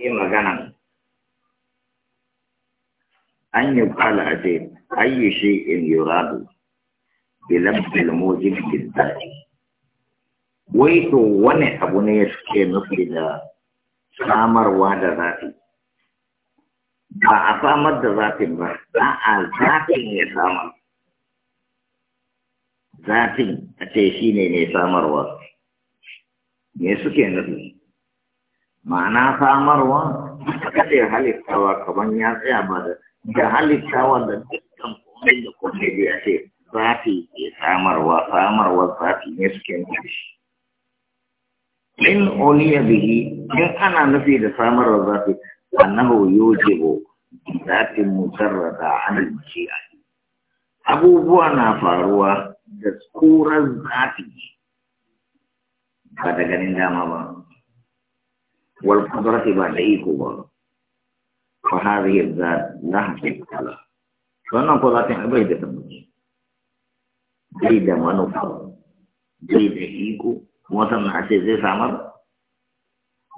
ke magana an yi kala a ce ayyu shi in yuradu bilabbil mujib wai to wani abu ne ya suke nufi da samarwa da zafi ba a samar da zafin ba ba a zafin ya samar zafin a ce shi ne mai samarwa me suke nufi ma'ana samarwa kada ya halittawa kamar ya tsaya ba da da halittawa da dukkan komai da komai da ya ce zafi ke samarwa samarwa zafi ne suke nufi shi in oliya bihi in ana nufi da samarwa zafi annahu yujibu zatin mujarrada an al abubuwa na faruwa da tsoron zafi ba da ganin dama ba والقدرة بعد إيكوبا فهذه الذات لا حقيقة لها فأنا قلت أن أبي تتمنى bai da manufa bai da iko wannan a ce zai samar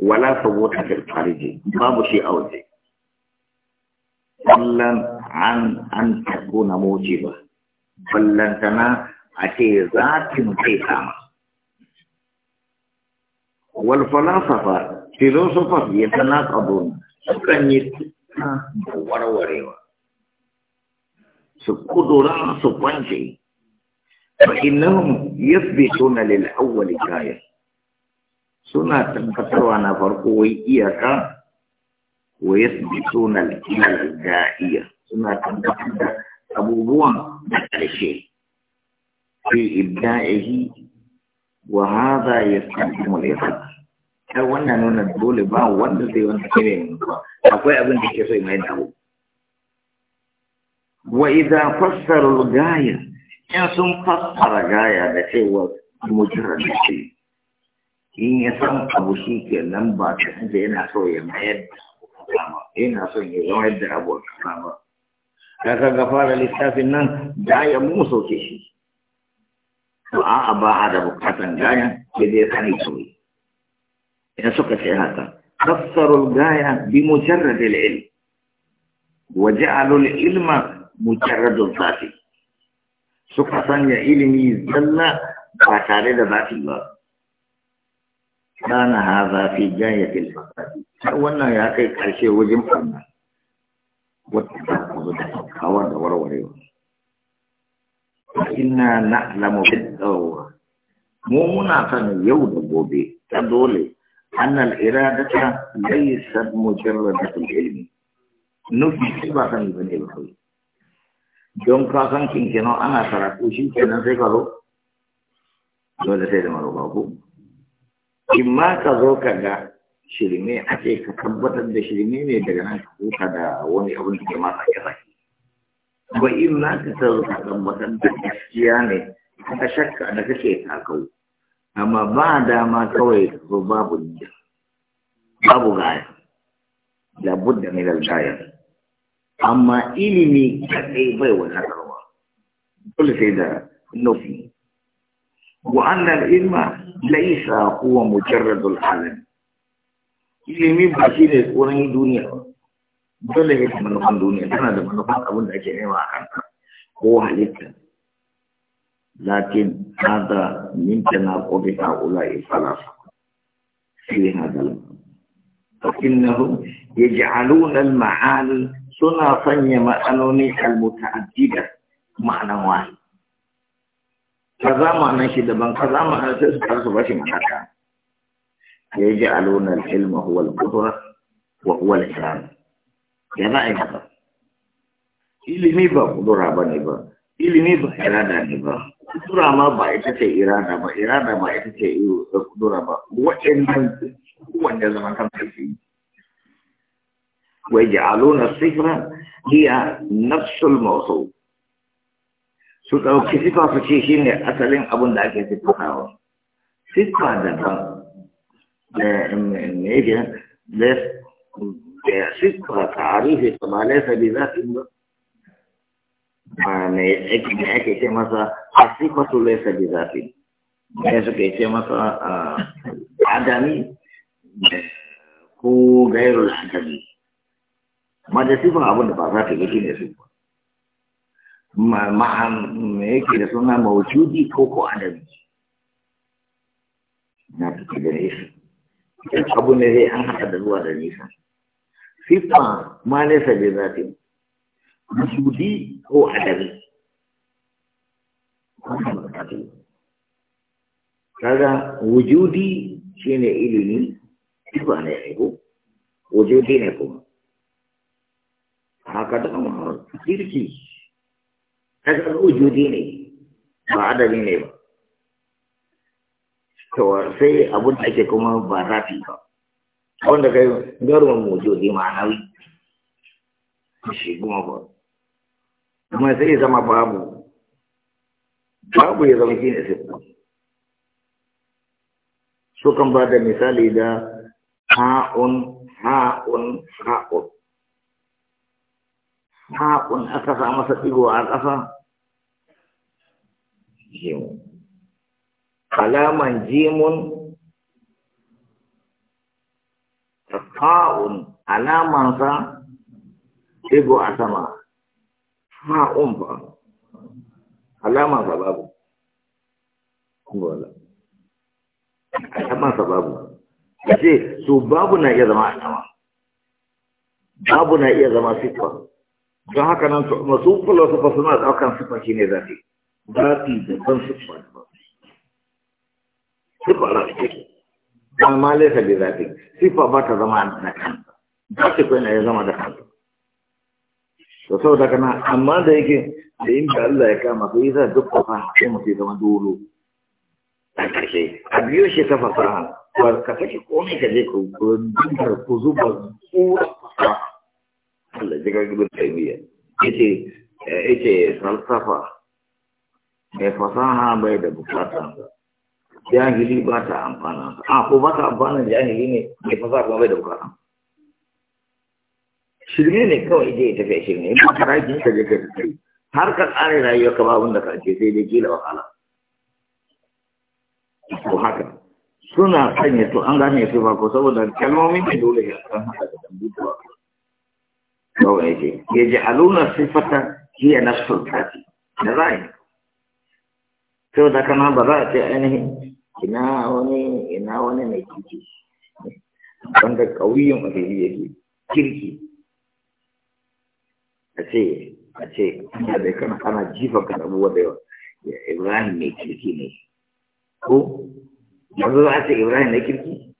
wala sabota fil khariji babu shi a waje ballan an an takuna mujiba ballan tana a ce zatin kai ya tana yatanaqadun sukan yi ah. da warwarewa su kudura su kwance fa innahum yathbituna lil awwal kayan, suna tabbatarwa na farko wai iyaka wa yathbituna lil da'iya suna tabbatar da abubuwan da ƙarshe fi ibda'ihi wa hadha yastahimu al-ikhlas kai wannan nuna dole ba wanda zai wanda kire yin ba akwai abin da ke so mai dawo wa idza fassara al-gaya in sun fassara gaya da cewa mujarrad shi in ya san abu shi ke nan ba ta da yana so ya mayar yana so ya zama yadda abu ka ka ga fara littafin nan gaya mu sauke shi to a'a ba a da bukatan gaya sai dai sani kawai ina suka ce haka tafsarul gaya bi mujarradil ilm wa ja'alul ilma mujarradul zati suka sanya ilimi zalla ba tare da zati ba kana hadha fi gayatil fasadi wannan ya kai karshe wajen fanna wata ta kuma da da warwarewa ina na'lamu bid-dawr mu muna kan yau da gobe ta dole أن الإرادة ليست مجرد العلم نفي سبعة من الخلق don ka san kinkino ana karatu shi kenan sai ka zo dole sai da maroba in ma ka zo ka ga shirme ake ka tabbatar da shirme ne daga nan ka huta da wani abin da ke ma ba in ma ka zo ka tabbatar da gaskiya ne ka shakka da kake takau amma ba dama kawai ko babu niyya babu gaya labudda min al-gaya amma ilimi kadai bai wadatarwa dole sai da nufi wa anna al-ilma laysa huwa mujarrad al-alam ilimi ba shi ne tsoron duniya ba dole ne manufan duniya tana da manufan abin da ake nema a kanta ko halitta Latin na da mintuna kofi a ulaya farasa. Sai na zo. Inonon ya ji al'unan mahalin suna sanya matsalolin al'umma a jiba ma'ananwansi. Ka za mu ana shi daban, ka za mu ana sai suka rasa bashi ma'aikata. Ya ja al'unar ilmin uwalgutuwa, wa Ilimi ba ku da rabani ilimi ba irada ne ba kudura ma ba ita ce irada ba irada ba ita ce kudura ba waɗannan wanda zaman kan sai ويجعلون الصفة هي ne الموصول سوطاو كسفة فشيشين أسلين أبن داكي سفة سفة دبا سفة تعريف ما ليس بذات الله ne ake ce masa asifatu laisa bi zafi ne suke ce masa adami ko gairul adami ma da sifan abin da ba zafi ba shine su ma'an me yake da suna mawujudi ko ko adami na tafi da nesa abu ne zai an haɗa da zuwa da nisa sifa ma nesa bi zafi وجودي هو عدمي kaga wujudi shine ilimi ba ne ego wujudi ne kuma haka da kuma kirki kaga wujudi ne ba adami ne ba to sai abun da ake kuma ba zafi ba wanda kai garwan wujudi ma'anawi shi kuma ba amma sai ya zama babu babu ya zama shine sifa su kan ba da misali da ha'un ha'un ha'un ha'un aka sa masa digo a ƙasa jimu alaman jimun ta'un alamansa digo a sama ha'un ba alama ba babu alama ba babu ce su babu na iya zama alama babu na iya zama sifa. don haka nan masu fasu suna daukan siffa shi ne zafi zafi daban siffa daban siffa rafi take amma laifin da zafi Sifa ba ta zama da kanta Ba kuwa na ya zama da kanta to saboda kana amma da yake da yin da Allah ya kama sai za duk fasaha haƙe mu sai zama dolo a kashe a biyo shi ta fasaha ko ka saki komai ka je ku dukkan ku zuba tsura fasaha Allah ya ga gudun tarbiyya yace eh, yace falsafa mai fasaha bai da bukata. Ya jahili ba ta amfana a ko ba ta amfana jahili ne mai fasaha kuma bai da bukata. shirme ne kawai je ya tafi shirme ba farajin ka je ka tafi har ka tsare rayuwar ka ba da ka ce sai dai gila wahala ko haka suna sanya to an gane su ba ko saboda kalmomin ne dole ya san haka da dan butuwa kawai yake ya ji aluna sifata hiya na kati da zai sau da kana ba za a ce ainihin ina wani ina wani mai kirki wanda ƙauyen wajen yake kirki a ce a ce ina da kana ana jifa ka da buwa da yawa ibrahim ne kirki ne ko yanzu za a ce ibrahim ne kirki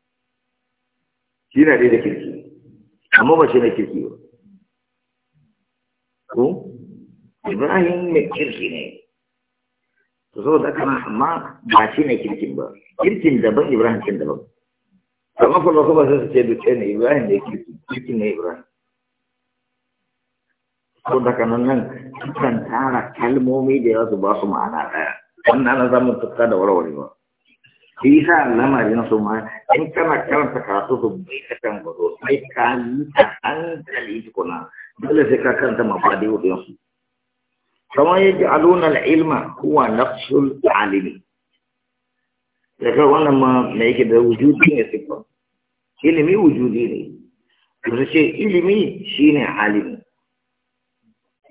shi na dai da kirki amma ba shi na kirki ba ko ibrahim ne kirki ne to saboda da kana amma ba shi ne kirki ba kirkin ba ibrahim kin da ba amma kuma kuma sai su ce duk ne ibrahim ne kirki kirki ne ibrahim ko daga nan nan kan tara kalmomi da yawa su ba su ma'ana ɗaya wannan na zamu tukka da warwarewa shi sa lamarin su ma in kana karanta karatu su bai ka kan gado sai ka yi ta hankali tukuna dole sai ka karanta mafadi hudun su kamar yadda aluna al'ilma huwa nafsul alimi daga wannan ma me yake da wujudi ne sifa ilimi wujudi ne su ce ilimi shine alimi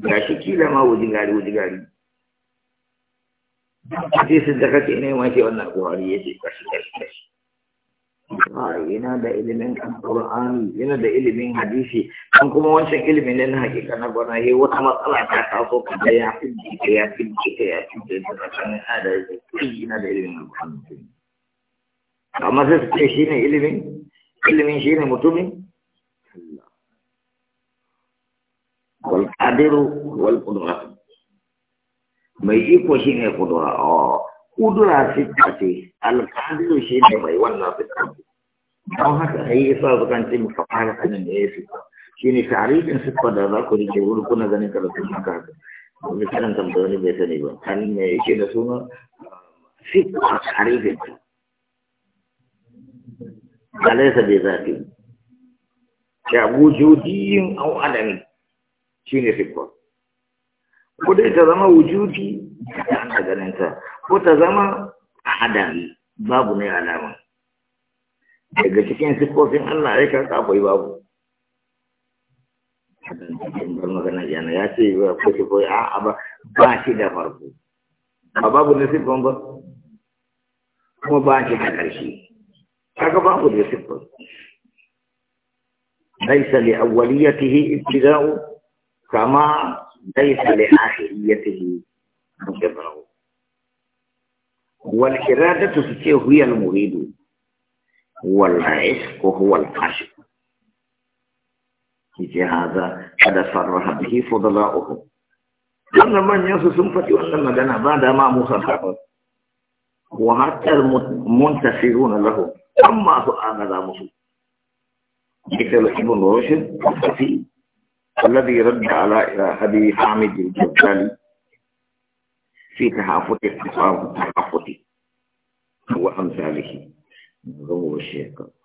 ga shi kila ma wuji gari wuji gari su daga ce ne ma wannan buhari ya ce kashi kashi kashi yana da ilimin alƙur'ani yana da ilimin hadisi an kuma wancan ilimin ne na hakika na gwana he wata matsala ta ka kada ya fi ita ya fi ita ya fidda ita tsakanin adalci kai yana da ilimin alƙur'ani amma sai su ce shi ne ilimin ilimin shi ne mutumin wal qadiru wal qudra mai iko shi ne kudura o kudura sitta ce alqadiru shi ne mai wannan sitta don haka ai yasa zukan ce muka fara sanin da ya sitta shi ne tarihin sitta da za ku rike wuri kuna ganin karatun haka wani karin tambayi wani bai sani ba kan me yake da suna sitta tarihin ta alaisa bai zafi ya wujudiyyin au adami shi ne siffa ko dai ta zama wujudi da ana ganin ta ko ta zama adami babu ne alama daga cikin siffofin Allah ya karka akwai babu cikin bar magana yana ya ce ba ko shi koyi a'a ba ba shi da farko ba babu ne siffan ba kuma ba shi da ƙarshe kaga babu ne siffan laisa li awwaliyatihi ibtida'u kama laisa li akhiriyatihi mujabrahu wal iradatu ce huwa al muridu wal ishq huwa al kashiq yace hada kada sarraha bihi fudala'uhu wannan manyan su sun faɗi wannan magana ba da ma musa tabbas wa hatta amma su gaza musu Tafi, الذي رد على أبي حامد الجبالي في تحافظ اقتصاد التحافظ وأمثاله هو نعم، الشيخ